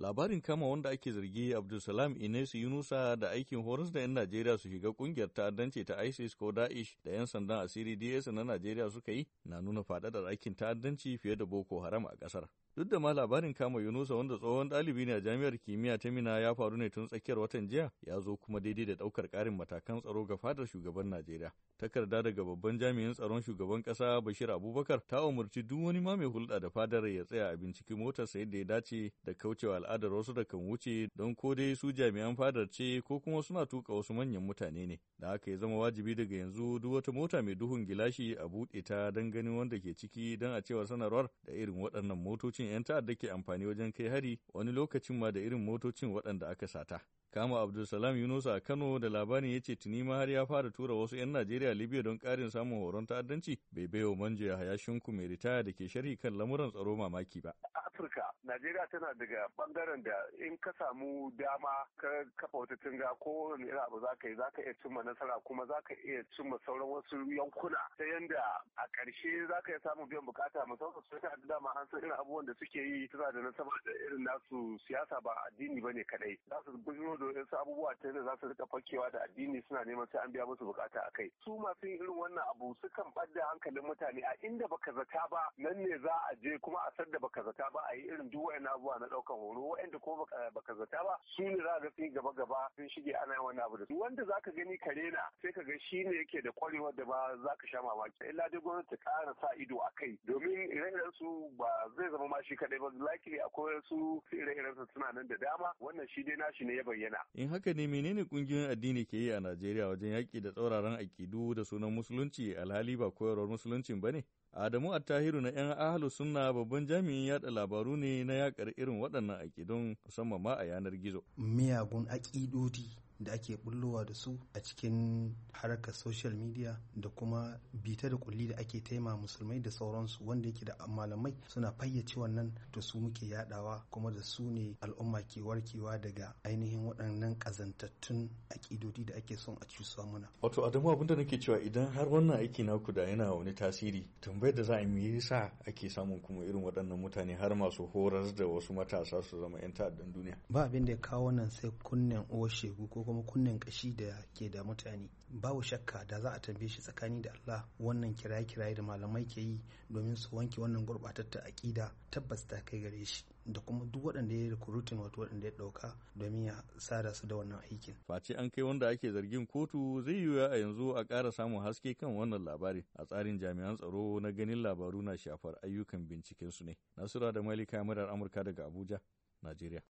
Labarin kama wanda ake zargi Abdulsalam Ines Yunusa da aikin horas da 'yan Najeriya su shiga kungiyar ta'addanci ta ISIS ko Daesh da 'yan sandan asiri DS na Najeriya suka yi na nuna faɗaɗar aikin ta'addanci fiye da Boko Haram a ƙasar. Duk da ma labarin kama Yunusa wanda tsohon ɗalibi ne a jami'ar kimiyya ta Mina ya faru ne tun tsakiyar watan jiya ya zo kuma daidai da ɗaukar ƙarin matakan tsaro ga fadar shugaban Najeriya. Takarda daga babban jami'in tsaron shugaban ƙasa Bashir Abubakar ta umurci duk wani ma mai hulɗa da fadar ya tsaya a binciki motarsa yadda ya dace da kaucewa al'adar wasu da kan wuce don ko dai su jami'an fadar ce ko kuma suna tuka wasu manyan mutane ne. Da haka ya zama wajibi daga yanzu duk wata mota mai duhun gilashi a buɗe ta don ganin wanda ke ciki don a cewar sanarwar da irin waɗannan motocin 'yan ta'adda ke amfani wajen kai hari wani lokacin ma da irin motocin waɗanda aka sata. kama abdulsalam yunusa a kano da labarin ya ce tuni ma har ya fara tura wasu 'yan najeriya libya don karin samun horon ta'addanci bai baiwa manje ya hayashinku mai ritaya da ke sharhi kan lamuran tsaro mamaki ba Afirka, Najeriya tana daga bangaren da in ka samu dama ka kafa wata tunga ko wani irin abu za ka yi za ka iya cimma nasara kuma za ka iya cimma sauran wasu yankuna ta yanda a ƙarshe za ka iya samun biyan bukata musamman su ta da dama an san irin abubuwan da suke yi tana da nasaba da irin nasu siyasa ba addini bane kadai za su da wasu abubuwa ta yadda za su rika fakewa da addini suna neman sai an biya musu bukata a kai su masu yin irin wannan abu sukan ɓadda hankalin mutane a inda baka zata ba nan ne za a je kuma a da baka zata ba a yi irin duk wa'annan abubuwa na ɗaukan horo wa'anda ko baka zata ba su ne za ga sun gaba gaba sun shige ana yin wani abu da su wanda za ka gani kare na sai ka ga shi ne yake da kwarewar da ba za ka sha mamaki illa dai gwamnati ƙara sa ido a kai domin ire su ba zai zama ba shi kadai ba likely akwai wasu ire-iren su suna nan da dama wannan shi dai nashi ne ya bayyana in haka ne menene kungiyoyin addini ke yi a Najeriya wajen yaki da tsauraran akidu da sunan musulunci alhali ba koyarwar musuluncin bane Adamu Attahiru na 'yan ahalu sunna babban jami'in yada labaru ne na yakar irin waɗannan akidun musamman ma a yanar gizo. Miyagun akidodi da ake bullowa da su a cikin harkar social media da kuma bita da kulli da ake taima musulmai da sauransu wanda yake da malamai suna fayyace wannan to su muke yadawa kuma da su ne al'umma ke warkewa daga ainihin waɗannan kazantattun aƙidodi da ake son a cusa muna. Wato Adamu abinda nake cewa idan har wannan aiki ku da yana wani tasiri tambayar da za a yi sa ake samun kuma irin waɗannan mutane har masu horar da wasu matasa su zama 'yan ta'addan duniya. Ba abin da ya kawo nan sai kunnen uwar shegu ko kuma kunnen kashi da ke da mutane babu shakka da za a tambaye shi tsakani da Allah wannan kiraye kiraye da malamai ke yi domin su wanke wannan ta akida tabbas ta kai gare shi da kuma duk waɗanda ya yi rikurutin wato waɗanda ya ɗauka domin ya sada su da wannan aikin. Face an kai wanda ake zargin kotu zai yiwuwa a yanzu a ƙara samun haske kan wannan labari a tsarin jami'an tsaro na ganin labaru na shafar ayyukan binciken su ne. Nasura da Malika Murar Amurka daga Abuja, Najeriya.